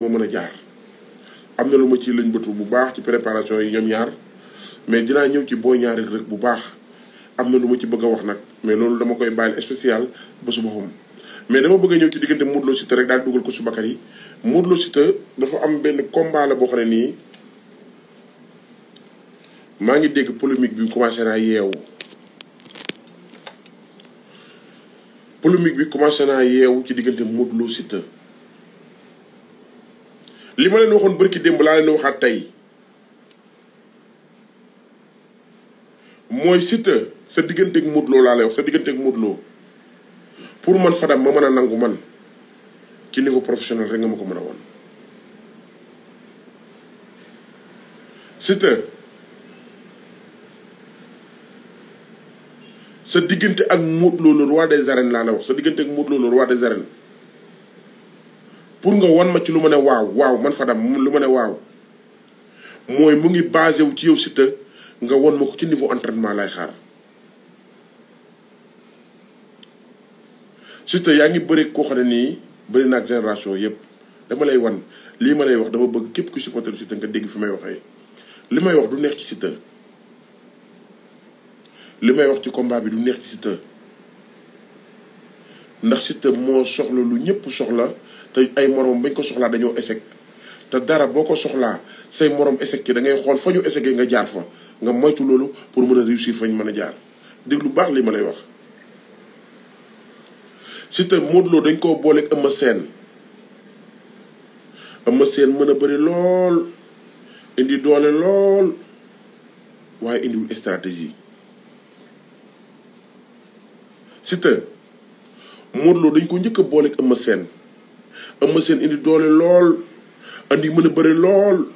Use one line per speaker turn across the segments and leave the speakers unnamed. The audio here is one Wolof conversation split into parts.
moo mën a jaar am na lu ma ci lañ bëtu bu baax ci préparation yi ñoom ñaar mais dinaa ñëw ci Boy Niang Reug bu baax am na lu ma ci bëgg a wax nag mais loolu dama koy bàyyil spécial ba su boppam mais dama bëgg a ñëw ci diggante Modou Lo Siteu rek daal dugal ko su bakar yi Modou Lo dafa am benn combat la boo xam nii maa ngi dégg polémique bi commencé naa yeewu polémique bi commencé naa yeewu ci diggante Modou Lo li ma leen waxoon bërki démb laa leen waxaat tay mooy Siteu sa digganteeg Modou Lo sa digganteeg Modou pour man Fadam ma mën a nangu man ci niveau professionnel rek nga ma ko mën a woon. Siteu sa diggante ak Modou Lo le roi des arènes laa lay wax sa diggante ak Modou Lo roi des arènes. pour nga won ma ci lu ma ne waaw waaw man fa Fadam lu ma ne waaw mooy mu ngi basé wu ci yow Siteu nga won ma ko ci niveau entraitement lay xaar Siteu yaa ngi bëri koo xam ne nii bëri naag génération yëpp dama lay wan lii ma lay wax dama bëgg képp ku supporter Siteu nga dégg fi may waxee li may wax du neex ci Siteu li may wax ci combat bi du neex ci Siteu ndax Siteu moo soxla lu ñëpp soxla te ay morom bañ ko dañoo échec te dara boo ko soxlaa say morom échec ci da ngay xool fa ñu nga jaar fa nga moytu loolu pour mën a réussir fañ mën a jaar déglu baax li ma lay wax. Siteu Modou Lo dañ koo booleeg Eumeu Sène Eumeu seen mën a bëri lool indi doole lool waaye indiwul stratégie Siteu Modou dañ ko njëkk a booleeg Eumeu Sène Eumeu Sène indi doole lool indi mën a bari lool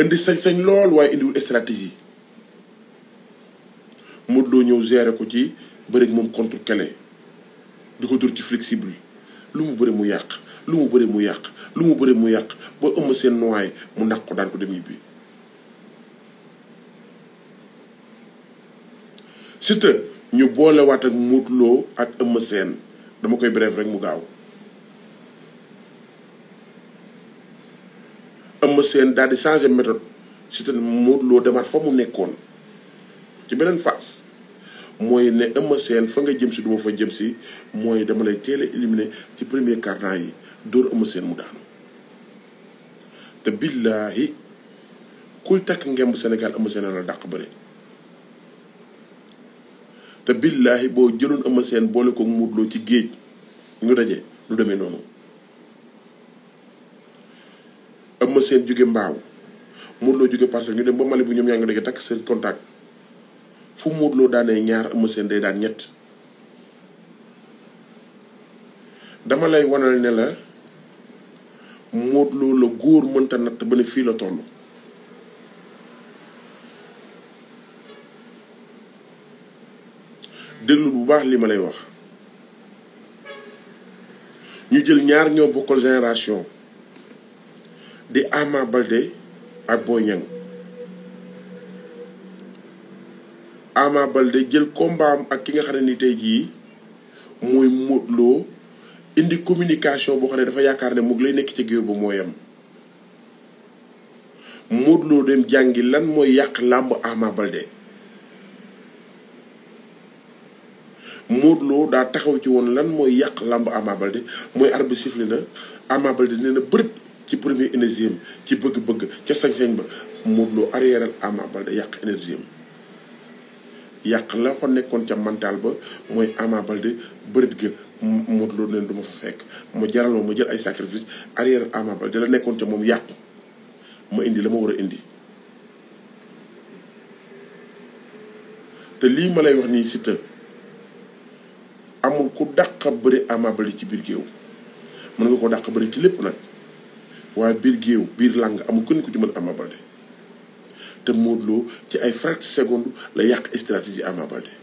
indi sañ-sañ lool waaye indiwul stratégie Modou ñëw gérer ko ci bëri moom contre kele di ko dur ci flexible lu mu bëri mu yàq lu mu bëri mu yàq lu mu bëri mu yàq ba Eumeu Sène noyé mu naq ko daan ko dem ñibbi. Siteu ñu boolewaat ak Modou ak Eumeu Sène dama koy bref rek mu gaaw. Eumeu Sène daal di changé méthode Siteu Modou Lô demaat fa mu nekkoon ci beneen fas mooy ne Eumeu Sène fa nga jëm si du fa jëm si mooy dama lay teel a éliminé ci premier carton yi dóor Eumeu seen mu daanu te billaahi kuy takk ngemb Sénégal Eumeu Sène la dàq bëri te billaahi boo jëloon Eumeu seen boole ko Modou ci géej ñu daje du demee noonu Eumeu Sène jóge Mbaaw Modou Lo jóge Parcelles ñu dem ba Mali bu ñoom ñaa ngi dégg takk seen contact fu Modou Lo daanee ñaar Eumeu Sène day daan ñett dama lay wanal ne la Modou la góor mënta natt ba ne fii la toll déglu bu baax li ma lay wax ñu jël ñaar ñoo bokkal génération di Ama ak Boy Niang Ama Baldé jël kombaam ak ki nga xam ne ni tey jii mooy Modou Lo indi communication boo xam ne dafa yaakaar ne mu ngi lay nekk ci géew bu mooyam Modou Lo dem jàngi lan mooy yàq làmb Ama Baldé Modou daa taxaw ci woon lan mooy yàq làmb Ama mooy arbitre bi na Ama nee na bërët ci premier énergie ci bëgg-bëgg ca sañ ba Modou Lo arrière Ama yàq énergie yàq la ko nekkoon ca mental ba mooy Ama Baldé bërit ga Modou leen du ma fa fekk mu jaral ma mu jël ay sacrifice arrière Ama Baldé la nekkoon ca moom yàqu ma indi la ma war a indi te lii ma lay wax nii Siteu amul ku dàq bari Ama Baldé ci biir géew mën nga ko dàq bëri ci lépp nag waaye biir géew biir làng amul kenn ku ci mën Ama Baldé te Modou Lo ci ay fraction seconde la yàq stratégie Ama Baldé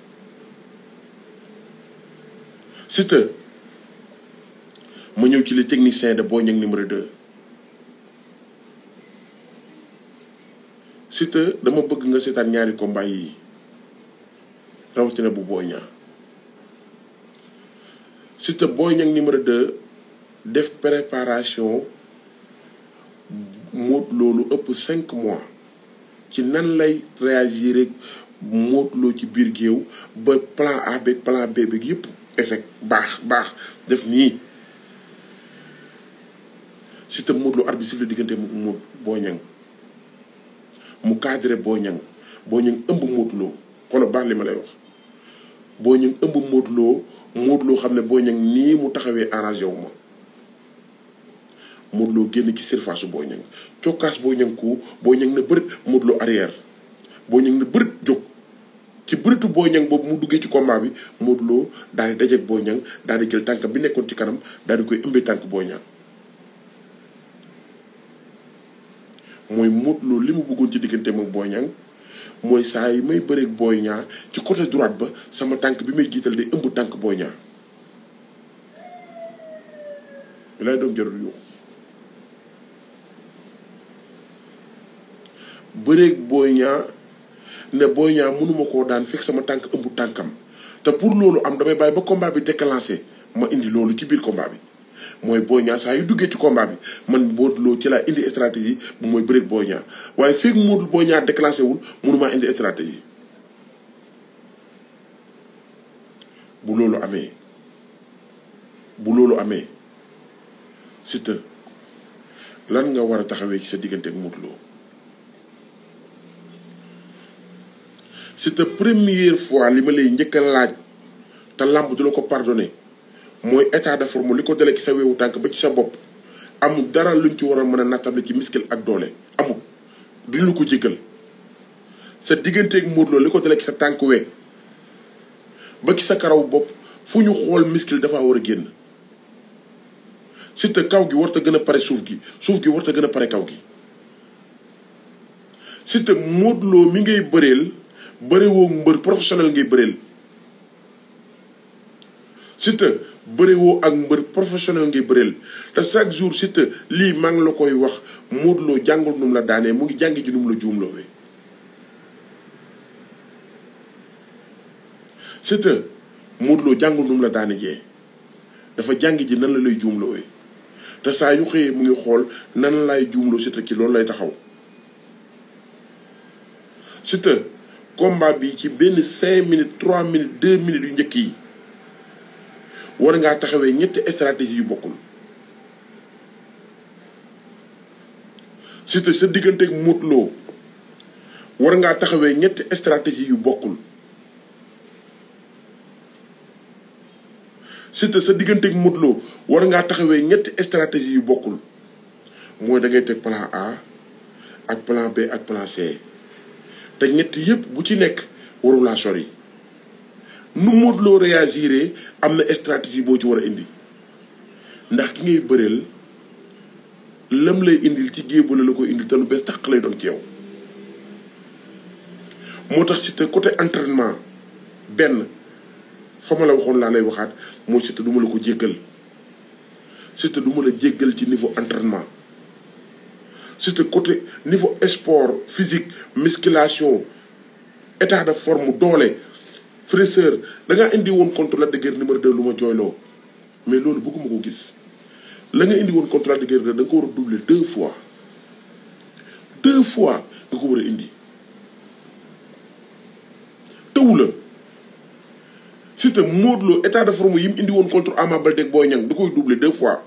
Siteu ma ñëw ci le technicien de Boy Niang numéro 2 Siteu dama bëgg nga seetaan ñaari combat yi rawatina bu Boy Niang Siteu Boy Niang numéro 2 def préparation Modou Lo lu ëpp cinq mois ci nan lay réagir rek Modou ci biir géew ba plan A beeg plan B beeg yëpp échec baax baax def nii si te Modou Lo arbitre siffle diggante mu boo ñan mu cadré boo Niang boo Niang ëmb Modou Lo xoolal baax li ma lay wax Boy Niang ëmb Modou Lo xam ne boo Niang nii mu taxawee arrangé wu ma Modou génn ci surface su Boy Niang cokkaas Boy Niang ku Boy Niang na bërit Modou Lo arrière Boy Niang na bërit jóg ci bëritu Boy Niang boobu mu duggee ci combat bi Modou Lo daal di dajeeg Boy Niang daal di jël tànk bi nekkoon ci kanam daal di koy ëmbee tànk Boy Niang mooy Modou li mu bëggoon ci diggante moom Boy Niang mooy saa yi may bëreeg Boy Niang ci côté droite ba sama tànk bi may jiital di ëmb tànk Boy Niang bi doom jarul yuux bëreeg Boy ñaa ne Boy Niang mënuma koo daan fekk sama tànk ëmb tànkam te pour loolu am damay bàyyi ba combat bi déclenché ma indi loolu ci biir combat bi mooy Boy Niang saa yu duggee ci combat bi man Modou Lo ci laa indi stratégie bu mooy bëreeg Boy Niang waaye fekk Modou Boy Niang déclenché wul mënumaa indi stratégie bu loolu amee bu loolu amee Siteu lan nga war a taxawee ci sa diggante ak Modou Lo c'est la première fois li ma lay njëkk laaj te làmb du la ko pardonné mooy état de forme li ko dalee ci sa weewu tànk ba ci sa bopp amul dara luñ ci war a mën a nattable ci miskil ak doole amul duñu la ko jéggal sa diggante Modou Lo li ko dalee ci sa tànk we ba ci sa karawu bopp fu ñu xool miskil dafa war a génn Siteu kaw gi ta gën a pare suuf gi suuf gi war warta gën a pare kaw gi Siteu Modou Lo mi ngay bëreel bëri woo mbër professionnel ngay bëreel ak mbër professionnel ngay te chaque jour Siteu lii maa la koy wax muutloo Lo jàngul num la daanee mu ngi jàngi ji num la juumloowee Siteu Modou Lo jàngul num la daane dafa jàngi ji nan la lay juumloowee te saa yu xëyee mu ngi xool nan laay juumloo Siteu ki loolu lay taxaw Siteu combat bi ci benn cinq minutes trois minutes deux minutes yu njëkk yi war ngaa taxawee ñetti stratégie yu bokkul surtout sa diggante Modou Lo war ngaa taxawee ñetti stratégie yu bokkul surtout sa digganteeg Modou Lo war ngaa taxawee ñetti stratégie yu bokkul mooy da ngay plan A ak plan B ak plan C te ñett yëpp bu ci nekk waru laa sori nu Modou Lo réagir am na stratégie boo ci war a indi ndax ki ngay bëreel lam lay indil ci géebu la la ko indi te lu bees tàq lay doon ci yow. moo tax si te côté entraînement benn fa ma la waxoon laa lay waxaat mooy si te du ma la ko jéggal si te du ma la jéggal ci niveau entraînement. surtout côté niveau sport physique musculation état de forme doole fraîcheur da ngaa indi woon contre Lac de Guiers ma 2 lu ma jooyloo mais loolu bëgguma ko gis la nga indi woon contre Lac de Guiers 2 da ko war a doubler deux fois deux fois nga ko war a indi tëwu la surtout Modou Lo état de forme yi mu indi woon contre Ama Baldé Boy Niang du koy doubler deux fois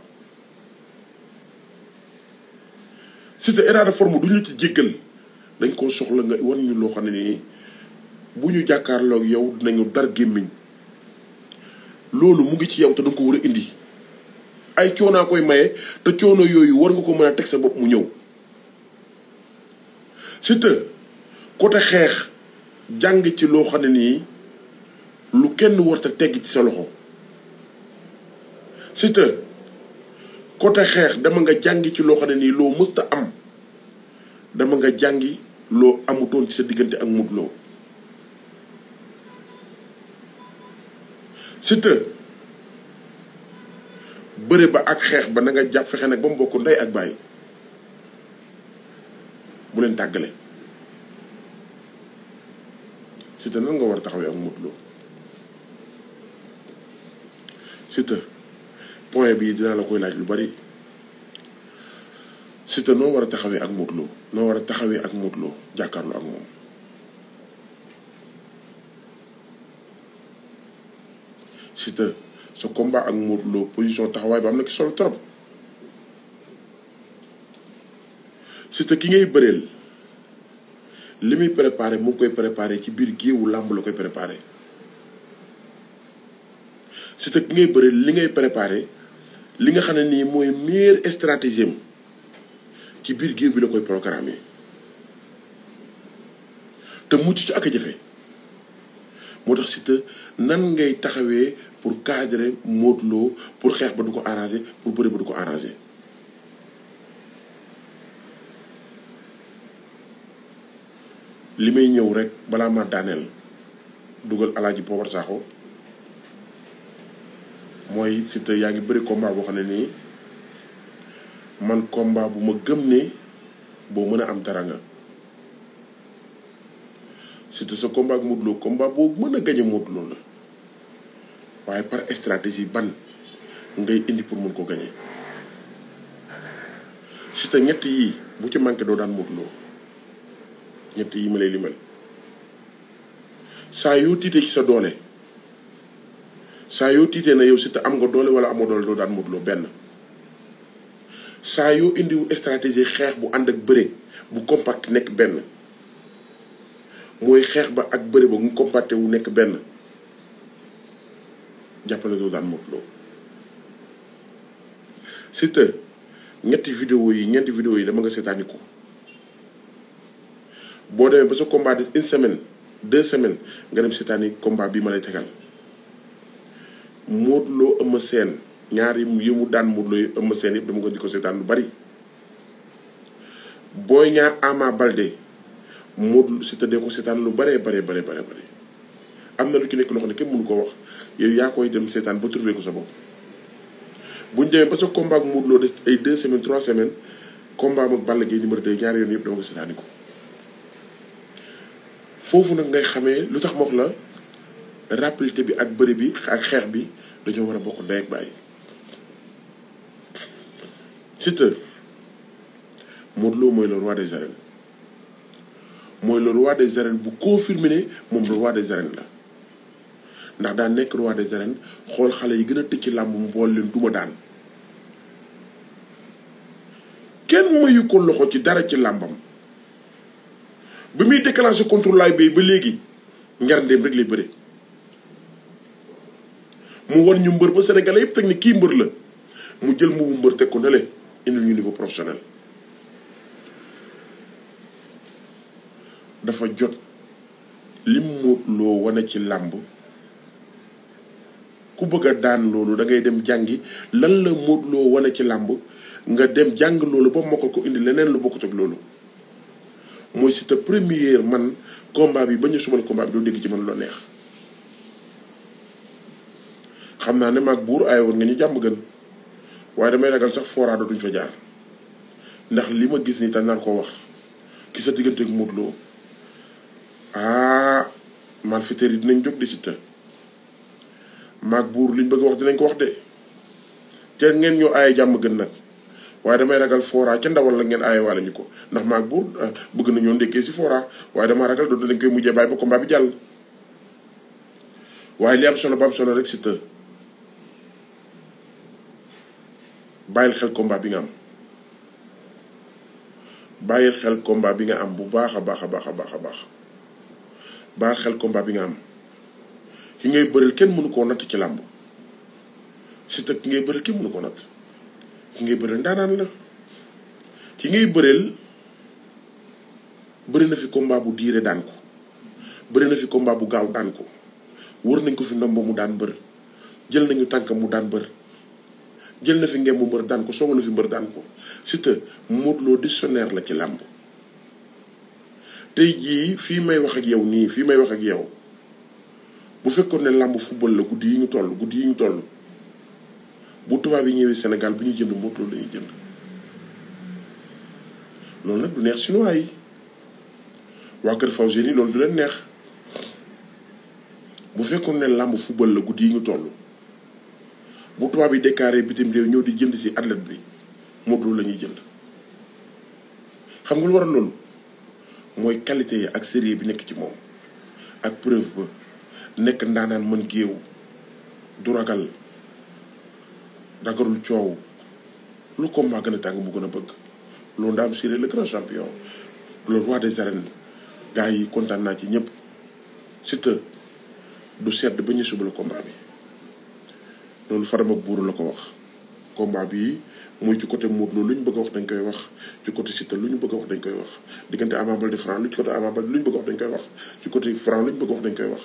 Siteu état de du ñu ci jéggal dañ koo soxla nga wan ñu loo xam ne nii bu ñu jàkkaarloo ak yow dinañu dar gémmiñ loolu mu ngi ci yow te da ko war a indi ay coonaa koy maye te coono yooyu war nga ko mën a teg sa bopp mu ñëw Siteu côté xeex jàng ci loo xam ne nii lu kenn warta tegg ci sa loxo Siteu côté xex dama nga jangi ci lo xam ni lo musta am dama nga lo. lo amuton ci sa digënté ak c'est te bëre ba ak xex ba nga japp fexé nak bam bokku nday ak bay bu leen tàggale Siteu nan nga war a ak mudlo c'est te point bii dinaa la koy laaj lu bari Siteu noo war a taxawee ak Modou Lo noo war a taxawee ak Modou Lo jàkkaarlu ak moom Siteu sa combat ak Modou Lo position taxawaay ba am na ki solo trop Siteu ki ngay bëreel li muy préparé mu koy préparé ci biir géewu làmb la koy préparé Siteu ki ngay bëreel li ngay préparé li nga xam ne nii mooy meilleure stratégie ci biir géew bi la koy programmer te mucc ci ak a jafe moo tax Siteu nan ngay taxawee pour cadrer Modou Lo pour xeex ba du ko arranger pour bëri ba du ko arranger. li may ñëw rek balaa ma daaneel dugal alaaji Poobar Saaxo mooy sita yaa ngi bëri combat boo xam ne nii man combat bu ma gëm ne boo mën a am dara nga Siteu sa combat ak Modou Lo boo mën a gañe Modou Lo la waaye par stratégie ban ngay indi pour mën ko gañe Siteu ñett yii bu ci manqué doo daan Modou ñett yii ma lay limal saa yoo tiitee ci sa doole saa yoo tiitee na yow Siteu am nga doole wala amoo doole doo daan Modou Lo benn saa yoo indiwu stratégie xeex bu ànd ak bëre bu compact nekk benn mooy xeex ba ak bëre ba mu wu nekk benn jàppale doo daan Modou Lo Siteu ñetti vidéo yi ñeenti vidéo yi dama nga seetaani ko boo demee ba sa combat des une semaine deux semaines nga dem seetaani compa bi ma lay tegal Modou Lo Eumeu ñaari yi mu daan Modou Lo Eumeu yëpp dama ko di ko seetaan lu bari Boy Niang Ama Baldé Modou si tëddee ko seetaan lu baree baree bari bari bëri am na lu ci nekk loo ne kenn mënu koo wax yow yaa koy dem seetaan ba trouvé ko sa bopp bu ñu ba sa combat ak Modou ay deux semaines trois semaines combat ak Balla Gaye numéro deux ñaari yoon yëpp dama ko seetaani ko foofu nag ngay xame lu tax mox la rapidité bi ak bëri bi ak xeex bi dañoo war a bokk ndey ak bàyyi. Siteu Modou Lo mooy le roi des arènes mooy le roi des arènes bu confirmé ne moom le roi des arènes la ndax daan nekk roi de arènes xool xale yi gën a tëkki làmb mu bool leen duma daan kenn mayu ko loxo ci dara ci làmbam bi muy déclenché contre laay bay ba léegi ngar ndéem rek lay bëre mu won ñu mbër ba Sénégalais yëpp teg ni kii mbër la mu jël mbubu mbër teg ko ne le indil ñu niveau professionnel. dafa jot lim mu loo wane ci làmb ku bëgg a daan loolu da dem jàngi lan la Modou Lo wane ci làmb nga dem jàng loolu ba mokkal ko indi leneen lu bokkut ak loolu mooy si te première man combat bi ba ñu sumal combat bi doo dégg ci man loo neex xamna ne mak buur ay won nga ñu jamm gën waye damay ragal sax do duñ fa jaar ndax lima gis ni tan naan wax ki sa digënté ak ah man fiteer yi dinañ jog di ci të mak buur liñ bëgg wax dinañ ko wax de té ngeen ñu ay jamm gën nak waye damay ragal fora ci ndawal la ngeen ay waale ñuko ko ndax mak bur ah, bëgg nañoo ndekkee ci fora waye dama ragal do dañ koy mujjé bay bu ko bi jall waye li am solo bam solo rek ci bàyyil xel combat bi nga am bàyyil xel komba bi nga am bu baax a baax a baax a baax a baax bàyyil xel combat bi nga am ki ngay bëreel kenn mënu koo natt ci làmb Siteu ki ngay bëreel kenn mënu koo natt ki ngay bëreel ndaanaan la ki ngay bëreel bëri na fi combat bu diire daan ko bëri na fi combat bu gaaw daan ko wër nañ ko fi ndombo mu daan bër jël nañu tànk mu daan bër jël na fi ngeen mu mbër daan ko songu na fi mbër daan ko Siteu Modou Lo dictionnaire la ci làmb tey jii fii may wax ak yow nii fii may wax ak yow bu fekkoon ne làmb football la guddi yi ñu toll guddi yu ñu toll bu tubaab yi ñëwee Sénégal bu ñuy jënd Modou Lo la ñuy jënd loolu nag du neex chinois ay waa Kër Faw Génie loolu du leen neex bu fekkoon ne làmb football la guddi yi ñu toll. bu tubaab yi déclaré bitim réew ñëw di jënd si athlète bi Modou Lo la ñuy jënd xam nga lu waral loolu mooy qualité yi ak sérieux bi nekk ci moom ak preuve ba nekk ndaanaan mën géew du ragal ragalul coow lu combat gën a tàng mu gën a bëgg loolu ndaam Siré le grand champion le roi des arènes yi kontaan naa ci ñëpp Siteu du sedd ba ñu suba le combat bi non farma buuru la ko wax combat bi moy ci côté mod Lo bëgg wax dañ koy wax ci côté Siteu lu bëgg wax dañ koy wax digënté amabal Baldé Franc lu ci côté Ama Baldé bëgg wax dañ koy wax ci côté Franc lu bëgg wax dañ koy wax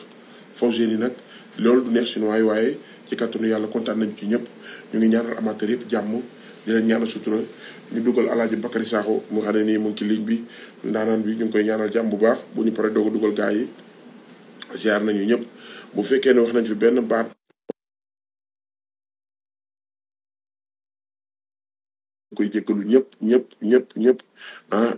Fawzeyni nak lolou du neex ci waay waaye ci katunu yalla contane nañ ci ñëpp ñu ngi ñaanal amateur yëpp jamm di leen ñaanal sutura ñu dugal alaaji bakari saxo mu xane ni mu ngi ci ligne bi ndaanaan bi ñu ngi koy ñaanal jamm bu baax bu ñu paré dogu duggal gaay yi ziar nañu ñëpp bu fekkee wax nañ fi benn baat koy jéggalu ñëpp ñëpp ñëpp ñëpp ah